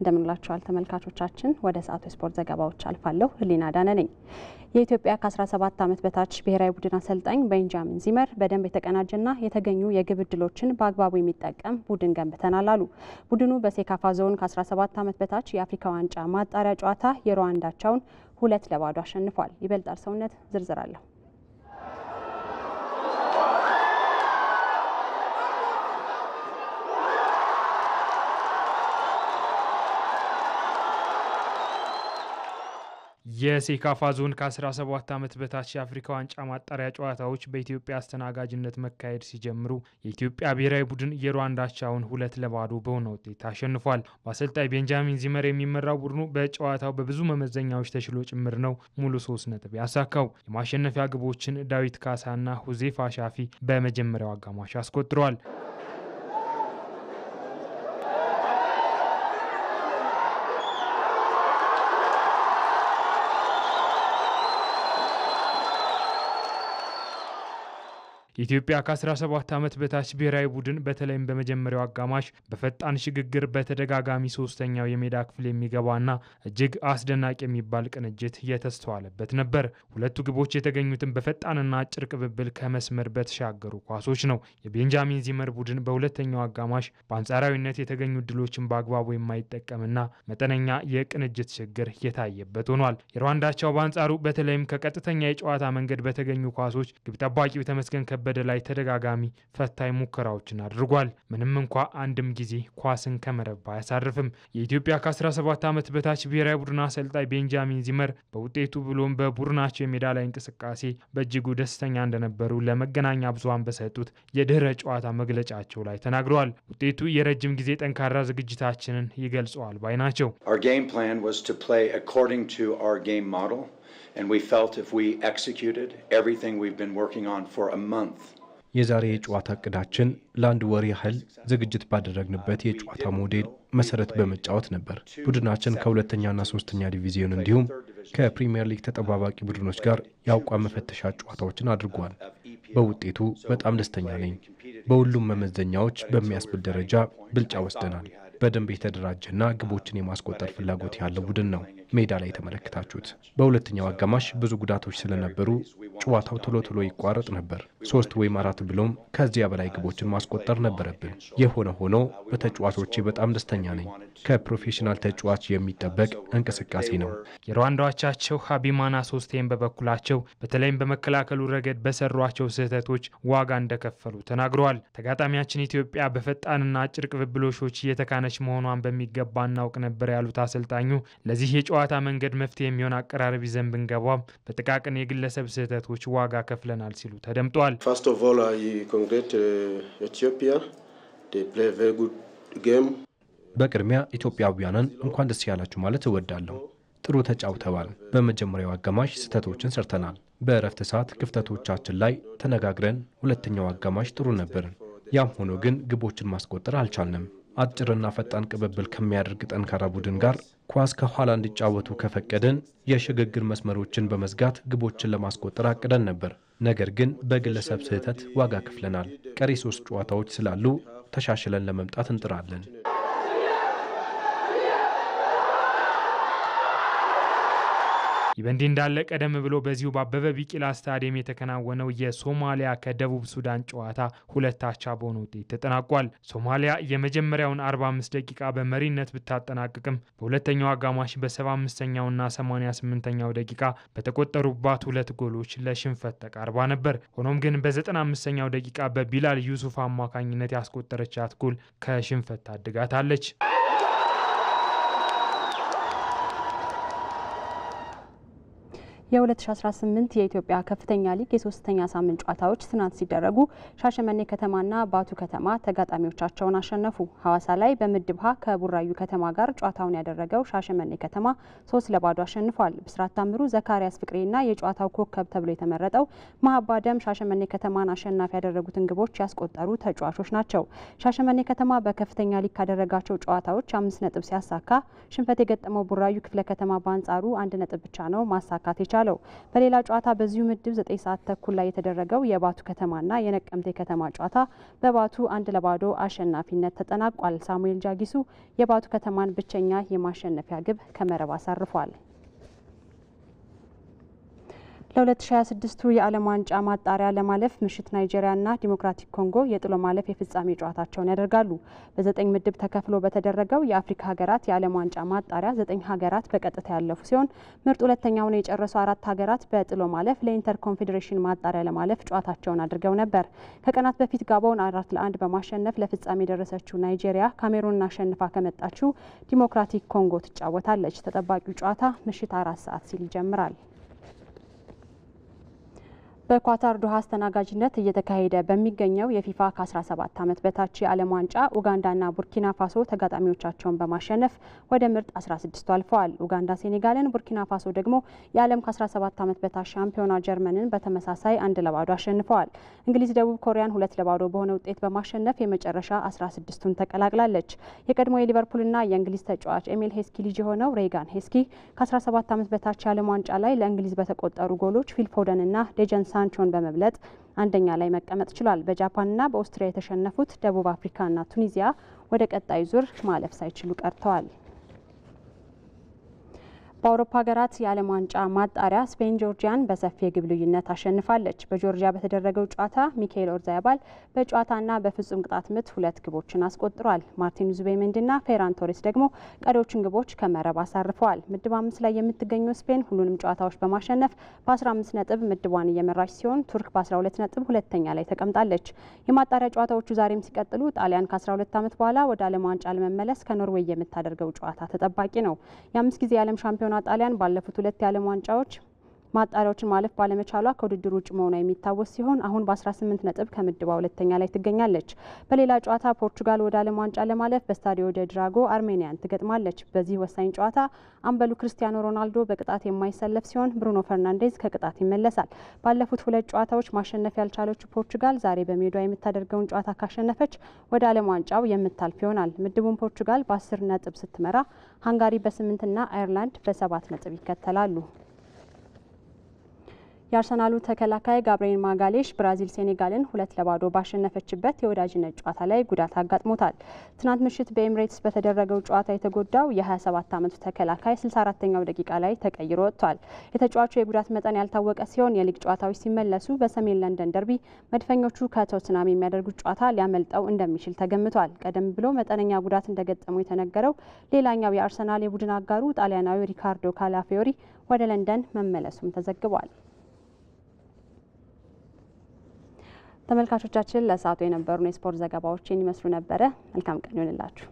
እንደምንላችኋል ተመልካቾቻችን። ወደ ሰዓቱ የስፖርት ዘገባዎች አልፋለሁ። ህሊና ዳነ ነኝ። የኢትዮጵያ ከ17 ዓመት በታች ብሔራዊ ቡድን አሰልጣኝ ቤንጃሚን ዚመር በደንብ የተቀናጀና የተገኙ የግብ እድሎችን በአግባቡ የሚጠቀም ቡድን ገንብተናል አሉ። ቡድኑ በሴካፋ ዞን ከ17 ዓመት በታች የአፍሪካ ዋንጫ ማጣሪያ ጨዋታ የሩዋንዳቸውን ሁለት ለባዶ አሸንፏል። ይበልጣል ሰውነት ዝርዝር አለሁ የሴካፋ ዞን ከ17 ዓመት በታች የአፍሪካ ዋንጫ ማጣሪያ ጨዋታዎች በኢትዮጵያ አስተናጋጅነት መካሄድ ሲጀምሩ የኢትዮጵያ ብሔራዊ ቡድን የሩዋንዳቻውን ሁለት ለባዶ በሆነ ውጤት አሸንፏል። በአሰልጣኝ ቤንጃሚን ዚመር የሚመራው ቡድኑ በጨዋታው በብዙ መመዘኛዎች ተችሎ ጭምር ነው ሙሉ ሶስት ነጥብ ያሳካው። የማሸነፊያ ግቦችን ዳዊት ካሳና ሁዜፋ ሻፊ በመጀመሪያው አጋማሽ አስቆጥረዋል። ኢትዮጵያ ከ17 ዓመት በታች ብሔራዊ ቡድን በተለይም በመጀመሪያው አጋማሽ በፈጣን ሽግግር በተደጋጋሚ ሶስተኛው የሜዳ ክፍል የሚገባና እጅግ አስደናቂ የሚባል ቅንጅት የተስተዋለበት ነበር። ሁለቱ ግቦች የተገኙትን በፈጣንና አጭር ቅብብል ከመስመር በተሻገሩ ኳሶች ነው። የቤንጃሚን ዚመር ቡድን በሁለተኛው አጋማሽ በአንጻራዊነት የተገኙ ድሎችን በአግባቡ የማይጠቀምና መጠነኛ የቅንጅት ችግር የታየበት ሆኗል። የሩዋንዳቸው በአንጻሩ በተለይም ከቀጥተኛ የጨዋታ መንገድ በተገኙ ኳሶች ግብ ጠባቂው ተመስገን ከበ በደላይ ተደጋጋሚ ፈታኝ ሙከራዎችን አድርጓል። ምንም እንኳ አንድም ጊዜ ኳስን ከመረብ አያሳርፍም። የኢትዮጵያ ከ17 ዓመት በታች ብሔራዊ ቡድን አሰልጣኝ ቤንጃሚን ዚመር በውጤቱ ብሎም በቡድናቸው የሜዳ ላይ እንቅስቃሴ በእጅጉ ደስተኛ እንደነበሩ ለመገናኛ ብዙሃን በሰጡት የድህረ ጨዋታ መግለጫቸው ላይ ተናግረዋል። ውጤቱ የረጅም ጊዜ ጠንካራ ዝግጅታችንን ይገልጸዋል ባይ ናቸው። and we felt if we executed everything we've been working on for a month የዛሬ የጨዋታ እቅዳችን ለአንድ ወር ያህል ዝግጅት ባደረግንበት የጨዋታ ሞዴል መሰረት በመጫወት ነበር። ቡድናችን ከሁለተኛና ሶስተኛ ዲቪዚዮን እንዲሁም ከፕሪምየር ሊግ ተጠባባቂ ቡድኖች ጋር የአቋም መፈተሻ ጨዋታዎችን አድርጓል። በውጤቱ በጣም ደስተኛ ነኝ። በሁሉም መመዘኛዎች በሚያስብል ደረጃ ብልጫ ወስደናል። በደንብ የተደራጀና ግቦችን የማስቆጠር ፍላጎት ያለው ቡድን ነው ሜዳ ላይ የተመለከታችሁት። በሁለተኛው አጋማሽ ብዙ ጉዳቶች ስለነበሩ ጨዋታው ቶሎ ቶሎ ይቋረጥ ነበር። ሶስት ወይም አራት ብሎም ከዚያ በላይ ግቦችን ማስቆጠር ነበረብን። የሆነ ሆኖ በተጫዋቾቼ በጣም ደስተኛ ነኝ። ከፕሮፌሽናል ተጫዋች የሚጠበቅ እንቅስቃሴ ነው። የሩዋንዳዎቻቸው ሀቢማና ሶስቴን በበኩላቸው በተለይም በመከላከሉ ረገድ በሰሯቸው ስህተቶች ዋጋ እንደከፈሉ ተናግረዋል። ተጋጣሚያችን ኢትዮጵያ በፈጣንና አጭር ቅብብሎሾች እየተካነ የሆነች መሆኗን በሚገባ እናውቅ ነበር ያሉት አሰልጣኙ ለዚህ የጨዋታ መንገድ መፍትሄ የሚሆን አቀራረብ ይዘን ብንገባም በጥቃቅን የግለሰብ ስህተቶች ዋጋ ከፍለናል ሲሉ ተደምጧል። uh, በቅድሚያ ኢትዮጵያውያንን እንኳን ደስ ያላችሁ ማለት እወዳለሁ። ጥሩ ተጫውተዋል። በመጀመሪያው አጋማሽ ስህተቶችን ሰርተናል። በእረፍት ሰዓት ክፍተቶቻችን ላይ ተነጋግረን ሁለተኛው አጋማሽ ጥሩ ነበርን። ያም ሆኖ ግን ግቦችን ማስቆጠር አልቻልንም። አጭርና ፈጣን ቅብብል ከሚያደርግ ጠንካራ ቡድን ጋር ኳስ ከኋላ እንዲጫወቱ ከፈቀድን የሽግግር መስመሮችን በመዝጋት ግቦችን ለማስቆጠር አቅደን ነበር። ነገር ግን በግለሰብ ስህተት ዋጋ ክፍለናል። ቀሪ ሶስት ጨዋታዎች ስላሉ ተሻሽለን ለመምጣት እንጥራለን። ይህ በእንዲህ እንዳለ ቀደም ብሎ በዚሁ በአበበ ቢቂላ ስታዲየም የተከናወነው የሶማሊያ ከደቡብ ሱዳን ጨዋታ ሁለት አቻ በሆነ ውጤት ተጠናቋል። ሶማሊያ የመጀመሪያውን 45 ደቂቃ በመሪነት ብታጠናቅቅም በሁለተኛው አጋማሽ በ75ኛውና 88ኛው ደቂቃ በተቆጠሩባት ሁለት ጎሎች ለሽንፈት ተቃርባ ነበር። ሆኖም ግን በ95ኛው ደቂቃ በቢላል ዩሱፍ አማካኝነት ያስቆጠረቻት ጎል ከሽንፈት ታድጋታለች። የ2018 የኢትዮጵያ ከፍተኛ ሊግ የሶስተኛ ሳምንት ጨዋታዎች ትናንት ሲደረጉ ሻሸመኔ ከተማና ባቱ ከተማ ተጋጣሚዎቻቸውን አሸነፉ። ሐዋሳ ላይ በምድብ ሀ ከቡራዩ ከተማ ጋር ጨዋታውን ያደረገው ሻሸመኔ ከተማ ሶስት ለባዶ አሸንፏል። ብስራት ታምሩ፣ ዘካሪያስ ፍቅሬና የጨዋታው ኮከብ ተብሎ የተመረጠው መሀባ ደም ሻሸመኔ ከተማን አሸናፊ ያደረጉትን ግቦች ያስቆጠሩ ተጫዋቾች ናቸው። ሻሸመኔ ከተማ በከፍተኛ ሊግ ካደረጋቸው ጨዋታዎች አምስት ነጥብ ሲያሳካ ሽንፈት የገጠመው ቡራዩ ክፍለ ከተማ በአንጻሩ አንድ ነጥብ ብቻ ነው ማሳካት የቻ የቻለው። በሌላ ጨዋታ በዚሁ ምድብ ዘጠኝ ሰዓት ተኩል ላይ የተደረገው የባቱ ከተማና የነቀምቴ ከተማ ጨዋታ በባቱ አንድ ለባዶ አሸናፊነት ተጠናቋል። ሳሙኤል ጃጊሱ የባቱ ከተማን ብቸኛ የማሸነፊያ ግብ ከመረብ አሳርፏል። ለ2026ቱ የዓለም ዋንጫ ማጣሪያ ለማለፍ ምሽት ናይጄሪያና ዲሞክራቲክ ኮንጎ የጥሎ ማለፍ የፍጻሜ ጨዋታቸውን ያደርጋሉ። በዘጠኝ ምድብ ተከፍሎ በተደረገው የአፍሪካ ሀገራት የዓለም ዋንጫ ማጣሪያ ዘጠኝ ሀገራት በቀጥታ ያለፉ ሲሆን ምርጥ ሁለተኛውን የጨረሱ አራት ሀገራት በጥሎ ማለፍ ለኢንተር ኮንፌዴሬሽን ማጣሪያ ለማለፍ ጨዋታቸውን አድርገው ነበር። ከቀናት በፊት ጋቦን አራት ለአንድ በማሸነፍ ለፍጻሜ የደረሰችው ናይጄሪያ ካሜሩንን አሸንፋ ከመጣችው ዲሞክራቲክ ኮንጎ ትጫወታለች። ተጠባቂው ጨዋታ ምሽት አራት ሰዓት ሲል ይጀምራል። በኳታር ዱሃ አስተናጋጅነት እየተካሄደ በሚገኘው የፊፋ ከ17 ዓመት በታች የዓለም ዋንጫ ኡጋንዳና ቡርኪና ፋሶ ተጋጣሚዎቻቸውን በማሸነፍ ወደ ምርጥ 16 አልፈዋል። ኡጋንዳ ሴኔጋልን፣ ቡርኪና ፋሶ ደግሞ የዓለም ከ17 ዓመት በታች ሻምፒዮና ጀርመንን በተመሳሳይ አንድ ለባዶ አሸንፈዋል። እንግሊዝ ደቡብ ኮሪያን ሁለት ለባዶ በሆነ ውጤት በማሸነፍ የመጨረሻ 16ቱን ተቀላቅላለች። የቀድሞ የሊቨርፑልና የእንግሊዝ ተጫዋች ኤሚል ሄስኪ ልጅ የሆነው ሬጋን ሄስኪ ከ17 ዓመት በታች የዓለም ዋንጫ ላይ ለእንግሊዝ በተቆጠሩ ጎሎች ፊል ፎደንና ሳንቾን በመብለጥ አንደኛ ላይ መቀመጥ ችሏል። በጃፓንና በኦስትሪያ የተሸነፉት ደቡብ አፍሪካና ቱኒዚያ ወደ ቀጣይ ዙር ማለፍ ሳይችሉ ቀርተዋል። በአውሮፓ ሀገራት የዓለም ዋንጫ ማጣሪያ ስፔን ጆርጂያን በሰፊ የግብ ልዩነት አሸንፋለች። በጆርጂያ በተደረገው ጨዋታ ሚካኤል ኦርዛያባል በጨዋታና በፍጹም ቅጣት ምት ሁለት ግቦችን አስቆጥሯል። ማርቲን ዙቤሜንዲና ፌራን ቶሬስ ደግሞ ቀሪዎችን ግቦች ከመረብ አሳርፈዋል። ምድብ አምስት ላይ የምትገኘው ስፔን ሁሉንም ጨዋታዎች በማሸነፍ በ15 ነጥብ ምድቧን እየመራች ሲሆን ቱርክ በ12 ነጥብ ሁለተኛ ላይ ተቀምጣለች። የማጣሪያ ጨዋታዎቹ ዛሬም ሲቀጥሉ ጣሊያን ከ12 ዓመት በኋላ ወደ ዓለም ዋንጫ ለመመለስ ከኖርዌይ የምታደርገው ጨዋታ ተጠባቂ ነው። የአምስት ጊዜ የዓለም ሻምፒዮን ሻምፒዮና ጣሊያን ባለፉት ሁለት የዓለም ዋንጫዎች ማጣሪያዎችን ማለፍ ባለመቻሏ ከውድድር ውጭ መሆኗ የሚታወስ ሲሆን አሁን በ18 ነጥብ ከምድቧ ሁለተኛ ላይ ትገኛለች። በሌላ ጨዋታ ፖርቹጋል ወደ ዓለም ዋንጫ ለማለፍ በስታዲዮ ደ ድራጎ አርሜኒያን ትገጥማለች። በዚህ ወሳኝ ጨዋታ አምበሉ ክርስቲያኖ ሮናልዶ በቅጣት የማይሰለፍ ሲሆን፣ ብሩኖ ፈርናንዴዝ ከቅጣት ይመለሳል። ባለፉት ሁለት ጨዋታዎች ማሸነፍ ያልቻለችው ፖርቹጋል ዛሬ በሜዷ የምታደርገውን ጨዋታ ካሸነፈች ወደ ዓለም ዋንጫው የምታልፍ ይሆናል። ምድቡን ፖርቹጋል በ10 ነጥብ ስትመራ ሃንጋሪ በስምንትና አይርላንድ በሰባት ነጥብ ይከተላሉ። የአርሰናሉ ተከላካይ ጋብርኤል ማጋሌሽ ብራዚል ሴኔጋልን ሁለት ለባዶ ባሸነፈችበት የወዳጅነት ጨዋታ ላይ ጉዳት አጋጥሞታል። ትናንት ምሽት በኤምሬትስ በተደረገው ጨዋታ የተጎዳው የ27 ዓመቱ ተከላካይ 64ኛው ደቂቃ ላይ ተቀይሮ ወጥቷል። የተጫዋቹ የጉዳት መጠን ያልታወቀ ሲሆን የሊግ ጨዋታዎች ሲመለሱ በሰሜን ለንደን ደርቢ መድፈኞቹ ከቶትናም የሚያደርጉት ጨዋታ ሊያመልጠው እንደሚችል ተገምቷል። ቀደም ብሎ መጠነኛ ጉዳት እንደገጠመው የተነገረው ሌላኛው የአርሰናል የቡድን አጋሩ ጣሊያናዊ ሪካርዶ ካላፊዮሪ ወደ ለንደን መመለሱም ተዘግቧል። ተመልካቾቻችን ለሰዓቱ የነበሩን የስፖርት ዘገባዎች ይመስሉ ነበረ። መልካም ቀን ይሆንላችሁ።